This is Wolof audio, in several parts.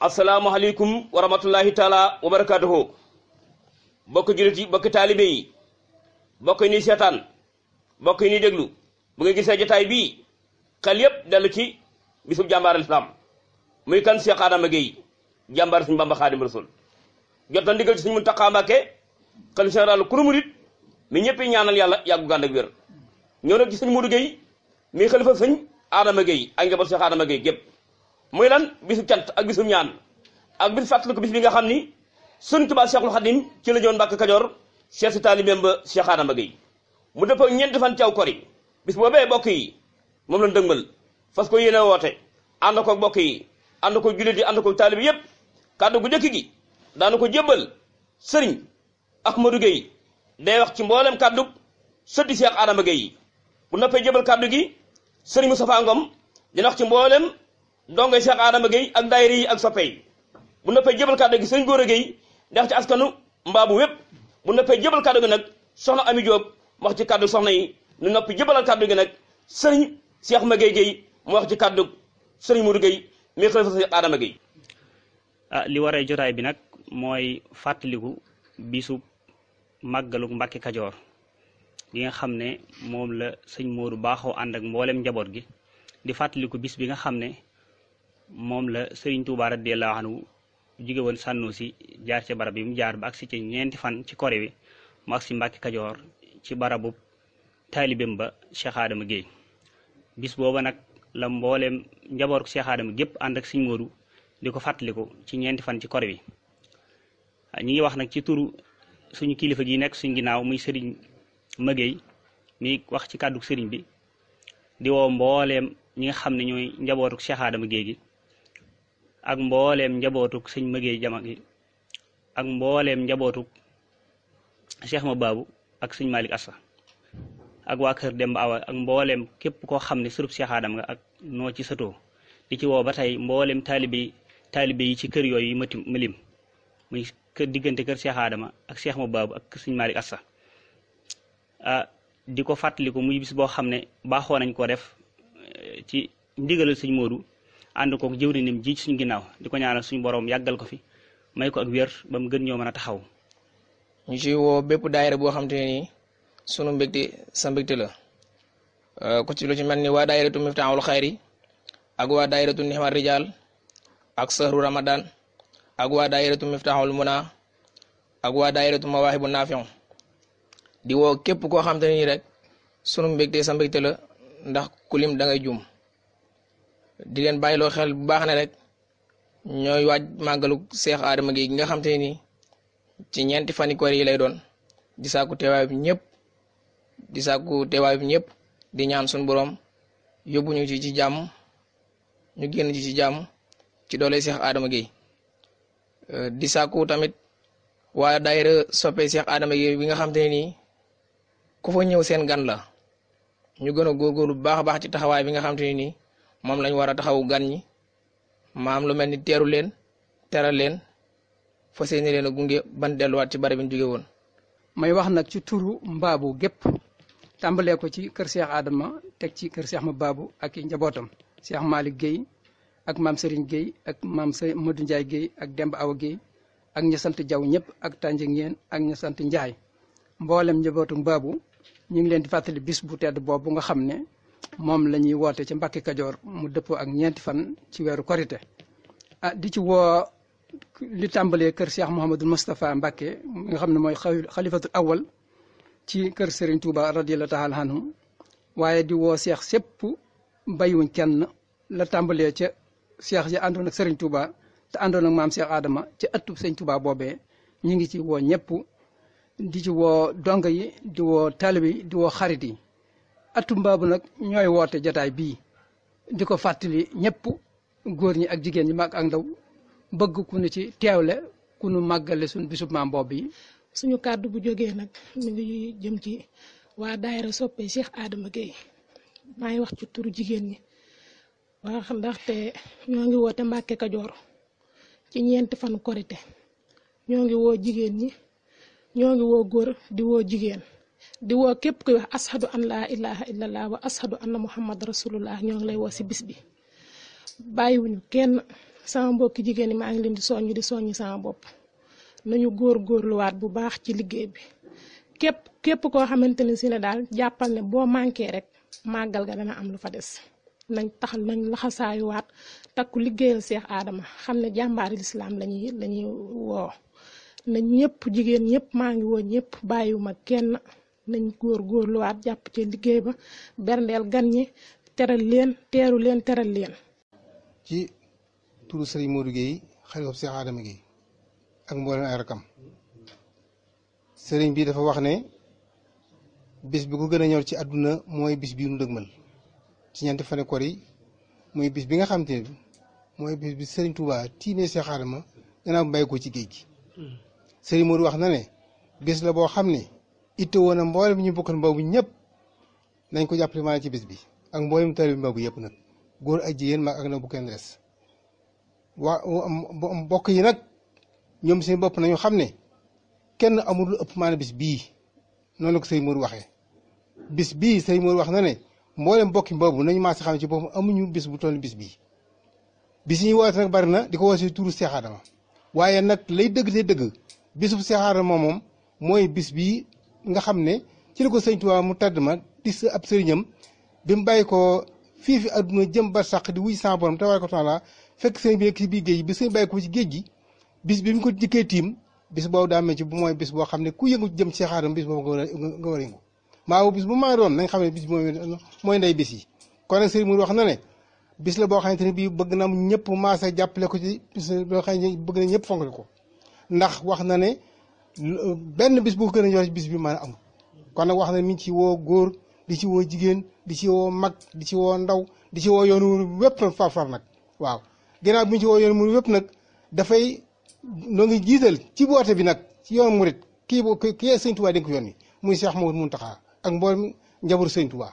asalaamualeykum wa rahmatullahi taala wa barakaatuhu bokk jullit yi bokk taalibe yi bokk yi ni seetaan bokk ni déglu bu nga gisee jotaay bii xel yépp dellu ci bisub jàmbaar lislaam muy kan Cheikh Adama Gueye jàmbaar suñu Bamba Xaadim Rasul jot na ndigal ci suñu Muntaxa Mbàkke xalifa général ku murit mi ñëpp ñaanal yàlla yàggu gànd ak wér ñëw nag ci suñu Modou Gueye mi xalifa sëñ Adama Gueye ak njaboot Cheikh Adama Gueye gépp muy lan bisu cant ak bisu ñaan ak bisu fàttaliku bis bi nga xam ni sëñ Tuubaa Seexul Xadim ci la ñëwoon Mbàkke Kajoor seet si taalibeem ba Cheikh Adama Gueye mu dëppoo ñeenti fan caw kori bis boobee bokk yi moom la dëgmal fas ko yéene woote ànd ko bokk yi ànd ko jullit yi ànd ko taalib yépp kàddu gu njëkk gi daana ko jébbal sëriñ Ahmadou Gueye day wax ci mboolem kàddu sëddi Cheikh Adama Gueye bu gi sëriñ Moustapha Ngom wax ci mboolem ndongo Cheikh Adama Gueye ak daayira yi ak soppe yi bu noppee jëbal kàddu gi sëñ Gora Gueye def ci askanu mbaabu wépp bu noppee jëbal kàddu gi nag soxna Ami Diop wax ci kàddu soxna yi nu noppi jëbalal kàddu gi nag sëriñ Cheikh Magueye Gueye mu wax ci kàddu sëriñ Modou Gueye mi xalifa sëñ Adama ah, li waree jotaay bi nag mooy fàttaliku bisu màggaluk Mbàkke Kajoor gi nga xam ne moom la sëñ Modou baaxoo ànd ak mboolem njaboot gi di fàttaliku bis bi nga xam ne moom la sëriñ Touba radiyallahu anhu jóge woon sànnu si jaar ci barab yi mu jaar ba agsi ci ñeenti fan ci kore wi mu agsi Mbàkke Kajoor ci barabu taalibeem ba Cheikh Adama Guèye bis booba nag la mbooleem njaboot ko Cheikh gépp ànd ak Sëriñ Moodu di ko fàttaliku ci ñeenti fan ci kore wi ñi ngi wax nag ci turu suñu kilifa gi nekk suñu ginnaaw muy sëriñ Maguèye mi wax ci kàddu sëriñ bi di woo mbooleem ñi nga xam ne ñooy njabootu Cheikh géey gi ak mbooleem njabootuk sëñ mëggeey jama ak mbooleem njabootuk Cheikh ma baabu ak sëñ Malick Assa ak waa kër Demba Awa ak mbooleem képp koo xam ne surub Cheikh Adam ak noo ci satoo di ci woow ba tey mbooleem taalibe taalibe yi ci kër yooyu mati milim muy kër diggante kër seexaadama Adama ak Cheikh ma baabu ak sëñ Malick Assa di ko fàttaliku muy bis boo xam ne baaxoo nañ ko def eh, ci ndigalal sëñ Modou ànd jiwri nim ji suñu ginnaaw di ko ñaanal suñu borom yàggal ko fi may ko ak wér ba mu gën ñoo mën a taxaw. ñu ci woo bépp daayira boo xam te ne sunu mbégte sa mbégte la euh, ku ci lu ci mel ni waa daayiratu Miftaahul Xayri ak waa daayiratu Nihmat Rijal ak sahru Ramadan ak waa daayiratu Miftaahul Muna ak waa daayiratu Mawaahibu Naafion di woo képp koo xam rek sunu mbégte sa mbégte la ndax kulim da ngay juum di leen bàyyiloo xel bu baax na rek ñoy waj magaluk cheikh adama gi nga xam ni ci ñenti fani koor yi lay doon di saku teway bi ñepp di saku teway bi ñepp di ñaan sun borom yóbbu ñu ci ci jamm ñu genn ci ci jamm ci doole cheikh adama gi di saku tamit wa daire soppe cheikh adama gi bi nga xam ni ku fa ñew seen gan la ñu gëna gogolu bu baax baax ci taxaway bi nga xam mom lañ wara taxaw taxawu gan ñi maam lu melni ni teeru leen teral leen fas yéene leen a gunge ban delluwaat ci bari bi ñu won may wax nak ci turu mbabu gep tambalé ko ci kër Cheikh Adama tek ci kër Cheikh mbabu ak njabotam Cheikh malik gey ak mam Serigne gey ak mam sey Modou ndjay gey ak Demba aw gey ak ñi sant Jaw ñep ak Tànje Ngeen ak ñi sant ndjay mbolam njabootu babu ñi ngi leen di fatali bis bu tedd bobu nga xamne moom lañuy woote ci Mbàkke Kajoor mu dëppoo ak ñeenti fan ci weeru korite ah di ci woo li tàmbalee kër Cheikh Mouhamadul Moustapha Mbàkke nga xam ne mooy xalifatul awal ci kër Serigne Touba radiyallahu taala waaye di woo Cheikh sépp bayuñ kenn la tàmbalee ca Cheikh ja àndoon ak Serigne Touba te àndoon ak maam Cheikh Adama ci ëttub Serigne boobee ñu ngi ci woo ñëpp di ci woo yi di woo taalibe yi di woo xarit yi atum baabu nag ñooy woote jataay bii di ko fàttali ñëpp góor ñi ak jigéen ñi mag ak ndaw bëgg ku nu ci teewle ku nu màggale suñu bisub maam boobu suñu kàddu bu jógee nag mi ngi jëm ci waa daayira soppe Cheikh Adama Gueye maa ngi wax ci turu jigéen ñi wax ndaxte ñoo ngi woote Mbàkke Kajoor ci ñeenti fan korite ñoo ngi woo jigéen ñi ñoo ngi woo góor di woo jigéen. di wo képp kuy wax ashadu an laa ilaha illallah wa ashadu anna muhammad rasulullah ñoo ngi lay wo si bis bi bàyyiwuñu kenn sama mbokki jigéen ñi maa ngi leen di soññ di soññ sama bopp nañu góor góorluwaat bu baax ci liggéey bi képp képp koo xamante ne si ne daal jàppal ne boo manqué rek màggal ga dana am lu fa des nañ taxal nañ laxasaayuwaat takku liggéeyal cheikh aadama xam ne jàmbaari lislaam lañuy lañuy woo na ñëpp jigéen ñëpp maa ngi woo ñëpp bàyyiwuma kenn nañ góor góor góorluwaat jàpp ci liggéey ba berndeel gan ñi teral leen teeru leen teral leen ci turu sëriñ Modou Guèye xalifa Seex Adama Guèye ak mboolem ay rakam sëriñ bi dafa wax ne bis bi ko gën a ñor ci àdduna mooy bis bi nu dëgmal ci ñeenti fane koor yi mooy bis bi nga xam te mooy bis bi sëriñ Touba tiimee Seex Adama gannaaw bàyyi ko ci géej gi hmm. sëriñ Modou wax na ne bis la boo xam ne itte woon na mboolem ñu bokkal mbaw bi ñëpp nañ ko jàppale maanaam ci bis bi ak mboolem taalibe mbaw bi yëpp nag góor ak jigéen mag ak na bu kenn des waa mbokk yi nag ñoom seen bopp nañu xam ne kenn amul lu ëpp maanaam bis bii noonu la ko sëñ Mour waxee bis bii sëñ Mour wax na ne mboolem mbokki mbaw bi nañu maas xam ci boppam amuñu bis bu toll bis bii bis yi ñuy woote nag bari na di ko wax si turu Seex waaye nag lay dëgg te dëgg bisub Seex moom mooy bis bii nga xam ne ci la ko sëñ Tuubaa mu tàdd ma di sa ab sëriñam bi mu bàyyi ko fii fi àdduna jëm ba sàq di wuy sa borom tabaaraka taala fekk sëñ bi nekk ci biir géej gi bi sëñ bàyyi ko ci géej gi bis bi mu ko dikkee tiim bis boobu daa mel ci bu mooy bis boo xam ne ku yëngu jëm ci xaaram bis boobu nga war a yëngu maa bis bu maa doon nañ xam ne bis bi mooy ndey bis yi kon nag sëriñ mu wax na ne bis la boo xamante ne bii bëgg na ñëpp maase jàppale ko ci bis boo xam ne bëgg na ñëpp fonk ko ndax wax na ne benn bis bu ko gën a yor bis bi maanaam amul kon nag wax na mi ngi ci woo góor di ci woo jigéen di ci woo mag di ci woo ndaw di ci woo yoonu wépp nag farfar nag waaw ginnaaw bi ñu ci wépp nag dafay noo ngi jiital ci boote bi nag ci yoonu murit kii boo kii sëñ Tuubaa dénk ko yoon yi muy Cheikh Mouhamadou Mountakha ak mboolem njaboot sëñ Tuubaa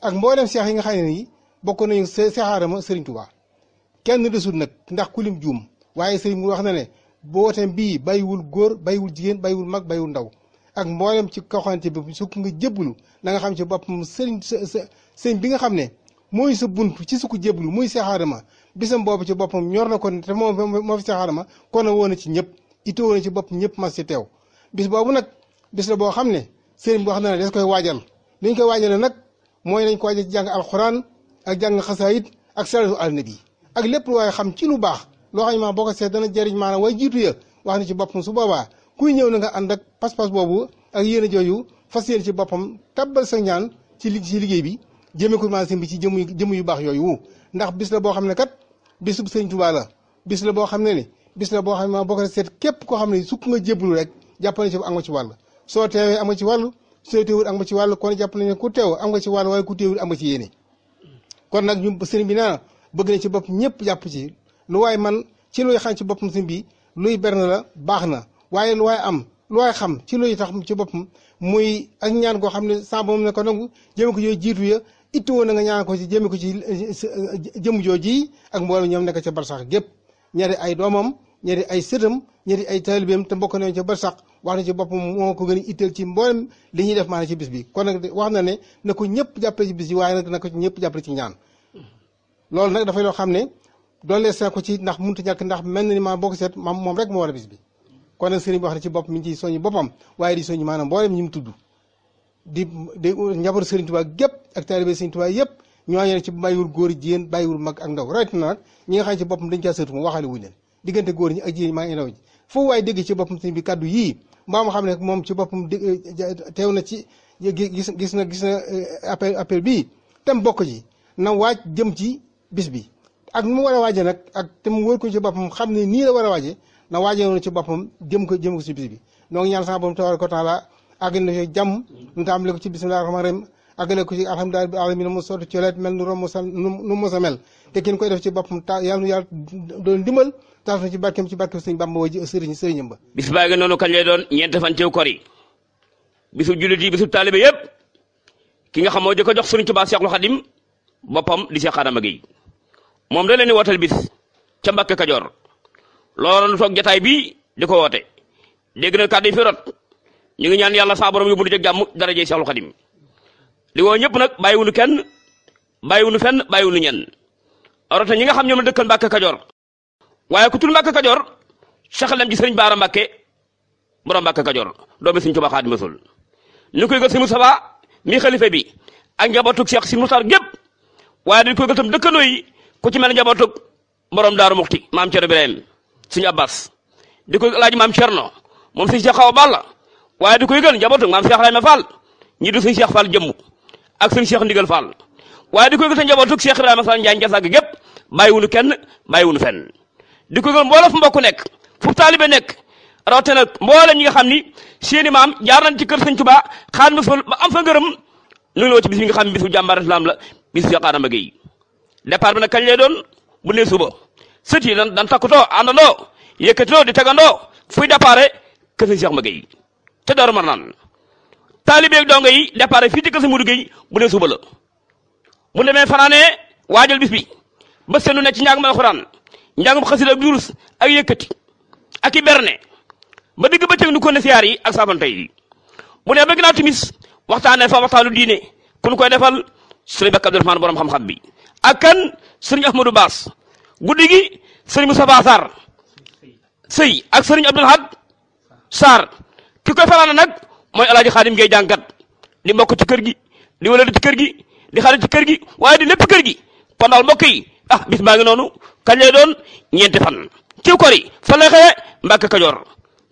ak mboolem seex yi nga xam ne nii bokk nañu Cheikh Adama sëriñ Tuubaa kenn desul nag ndax kulim juum waaye sëriñ mu wax na ne booteem bii bàyyiwul góor bàyyiwul jigéen bàyyiwul mag bàyyiwul ndaw ak mboolem ci koxante bi sukk nga jébbalu na nga xam ci boppam sëriñ sa sëriñ bi nga xam ne mooy sa bunt ci sukk jébbalu muy Seex Aadama bisam boobu ci boppam ñor na ko te moom moo fi Seex Aadama kon na woon ci ñëpp itoo woon ci bopp ñëpp mas ci teew bis boobu nag bis la boo xam ne sëriñ bi wax na ne des koy waajal li ñu koy waajale nag mooy nañ ko waajal ci jàng alxuraan ak jàng xasaayit ak salaatu alnabi ak lépp waaye xam ci lu baax loo xam ne boo ko seet dana jëriñ maanaam way jiitu ya wax ni ci boppam su boobaa kuy ñëw na nga ànd ak pas-pas boobu ak yéen a jooju fas yéen ci boppam tabal sa ñaan ci li ci liggéey bi jëmee ko maanaam bi ci jëm yu jëm yu baax yooyu ndax bis la boo xam ne kat bisu sëñ Tuubaa la bis la boo xam ne ni bis la boo xam ne boo ko seet képp koo xam ne sukk nga jéblu rek jàpp na ci am nga ci wàll soo teewee am nga ci wàll soo teewul am nga ci wàll kon jàpp nañ ne ku teew am nga ci wàll waaye ku teewul am nga ci yéene kon nag ñu sëriñ bi naa bëgg na ci bopp ñëpp jàpp ci lu waay man ci luy xam ci boppam si bi luy berne la baax na waaye lu waay am lu waay xam ci luy tax ci boppam muy ak ñaan koo xam ne saa moom ne ko nangu jëme ko yooyu jiitu ya itti woon na nga ñaan ko ci jëme ko ci jëm jooji ak mboolem ñoom nekk ca barsax gépp ñari ay doomam ñari ay sëtam ñari ay taalibeem te mbokk nañ ca barsax wax na ci boppam moo ko gën a itteel ci mboolem li ñuy def maanaam ci bis bi kon nag wax na ne na ñëpp jàppale ci bis bi waaye nag na ko ñëpp jàppale ci ñaan loolu nag dafay loo xam ne doolee saako ci ndax muntu ñàkk ndax mel na ni maam boo ko seet maam moom rek moo war a bis bi kon nag sëriñ bi wax na ci bopp mi ngi ciy di soññu maanaam mboolem ñu mu tudd di di njaboot sëriñ Tuubaa gépp ak taalibe ci Tuubaa wul ñooñu ci bay wul mag ak ndaw rawet na nag ñi nga xam ne ci boppam dañ caa sëtu moom waxaale wuñ leen diggante góor ñi maa ngi ndaw ji foofu waaye dégg ci boppam sëriñ bi kàddu yii mbaa ma xam ne moom ci boppam teew na ci gis gis na gis na eh, appel appel bii tam bokk ji na waaj jëm ci bis bi ak nu mu war a waaje nag ak te mu wër ko ci boppam xam ne nii la war a waaje na waaje woon ci boppam jëm ko jëm ko ci bis bi donc ñaan sax borom tabaaraka wa taala àggale ko ci jàmm ñu tàmbale ko ci bismillahi rahmaani rahim àggale ko ci alhamdulillahi rabbil alamin mu sotti ci leet mel nu rom mosa nu mosa mel te kin koy def ci boppam ta yàlla nu yàlla doon dimbal taas na ci barkeem ci barkeem sëñ Bàmba wa ji sëriñ sëriñam ba bis baa ngi noonu kañ lay doon ñeent fan ci kor yi bisu jullit yi bisu taalibe yëpp ki nga xam moo jëkk a jox sëriñ Tuubaa Seexul Xadim boppam di Seex Adama Géey moom da leen di wootal bis ca Mbàkke Kajoor loolu nu toog jataay bi di ko woote dégg na kàddu yi fi rot ñu ngi ñaan yàlla saa borom yóbbu nu jëg jàmm darajey Seexul Xadim li woo ñëpp nag bàyyiwunu kenn bàyyiwunu fenn bàyyiwunu ñenn rota ñi nga xam ñoom la dëkkal Mbàkke Kajoor waaye ku tul Mbàkke Kajoor saxalam ci sëriñ Baara Mbàkke borom Mbàkke Kajoor doomi Sëriñ Tuubaa Xaadimu Rasuul ñu koy gël si Mustafaa mi xalifa bi ak njabootu si Muxtaar gépp ku ci mel ne njabootug borom daaru muxti maam Cerno Ibrahim suñu abbas di ko laaj maam Cerno moom suñu Cheikh Awa Balla waaye di ko yëgal njabootug maam Cheikh Ibrahima Fall ñi du suñu Cheikh Fall ak suñu Cheikh Ndigal Fall waaye di ko yëgal sa njabootug Cheikh Ibrahima Fall Njaañ Jasag gépp bàyyiwunu kenn bàyyiwunu fenn di ko yëgal mbooloo fu mbokk nekk fu taalibe nekk rawatina nag mboolem ñi nga xam ni seeni maam jaar nañ ci kër sëñ Tuubaa xaar ba am fa ngërëm ñu ngi la woo ci bis bi nga xam ne bisu jàmbaar la bisu Cheikh Adama départ bi nag kañ lay doon bu ne suba sët yi dan dan takkutoo àndandoo yëkkatoo di tegandoo fuy départ kese Cheikh ma yi te Daaru Marnaan taalibeeg dongo yi départ fii ci kese Modou Gueye bu ne suba la ne demee fanaanee waajal bis bi ba seenu ne ci njàngum alxuraan njàngum xasida ak durus ak yëkkati ak i berne ba digg bëccëg nu ko ne siyaar yi ak saabante yi bu ne ba ginnaaw timis waxtaanee fa waxtaanu diine ku ñu koy defal Sëriñ Bakk Abdou Rahmane borom xam-xam bi akan serigne ahmadou bass guddi serigne moussa bassar sey ak serigne abdul had sar kiko falana nak moy aladi khadim gey jangat di mbok ci kër gi di wala ci kër di xala ci kër gi waye di lepp kër gi kon yi ah bis baangi nonu kañ lay don ñenti fan ci kori fa la xeye mbak kajor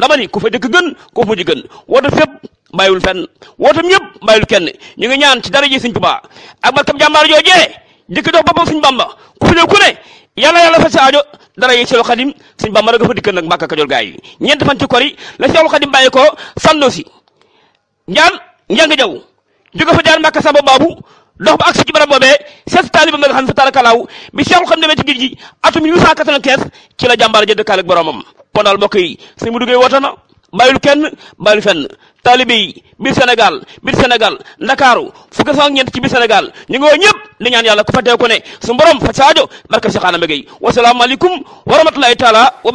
dama ni ku fa dekk gën ku fa gën wota fep bayul fen wota ñep bayul kenn ñu ngi ñaan ci dara ji señ touba ak barkam jambar jojé njëkk dox boppam suñ bamba ku fi ñëw ku ne yàlla yàlla fa si aajo dara yi Seexul Xadim suñ bamba da nga fa dikkal nag ma Kajoor gaa yi ñeent fan ci kor yi la Seexul Xadim bàyyi ko sando si njaan njàng jaw jóge fa jaar Mbàkke samba baabu dox ba ak si ci barab boobee seet taalibam nga xam ne fa taala kalaaw bi Seexul Xadim demee ci géej gi atum 1895 ci la jàmbaar jëdd kaal boromam kon daal mbokk mu duggee woote bàyyul kenn bàyyul fenn taalibe yi biir Sénégal biir Sénégal Ndakaaru fukki fan ak ñeent ci biir Sénégal ñu ngi woo ñëpp di ñaan yàlla ku fa teew ko ne su borom fa saajo barkab si xaanam Gueye wasalaamualeykum wa rahmatulahi taala wa